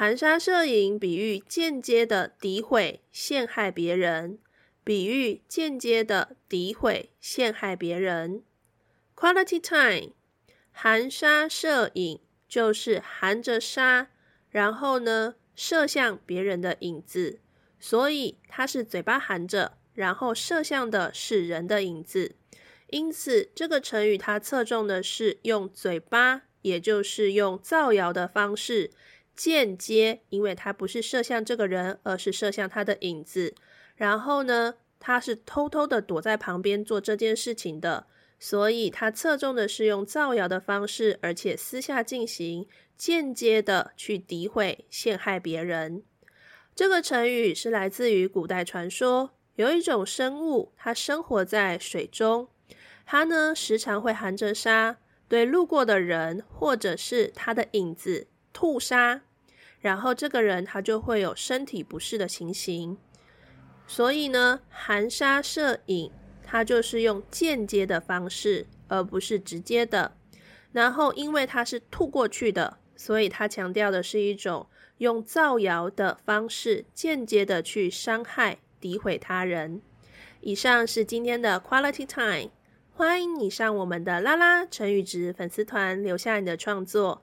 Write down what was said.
含沙射影，比喻間接的詆毀陷害別人。比喻間接的詆毀陷害別人。Quality time，含沙射影就是含着沙，然後呢，射向別人的影子。所以它是嘴巴含着，然後射向的是人的影子。因此這個成語它側重的是用嘴巴，也就是用造謠的方式。間接，因為他不是射向這個人，而是射向他的影子。然後呢，他是偷偷的躲在旁邊做這件事情的。所以，他側重的是用造謠的方式，而且私下進行間接的去詆毀、陷害別人。這個成語是來自於古代傳說，有一種生物，它生活在水中，它呢時常會含着沙，對路過的人或者是它的影子吐沙。然後這個人他就會有身體不適的情形，所以呢，含沙射影，他就是用間接的方式，而不是直接的。然後因為他是吐過去的，所以他強調的是一種用造謠的方式，間接的去傷害、詆毀他人。以上是今天的 Quality Time，歡迎你上我們的拉拉成語質粉絲團留下你的創作。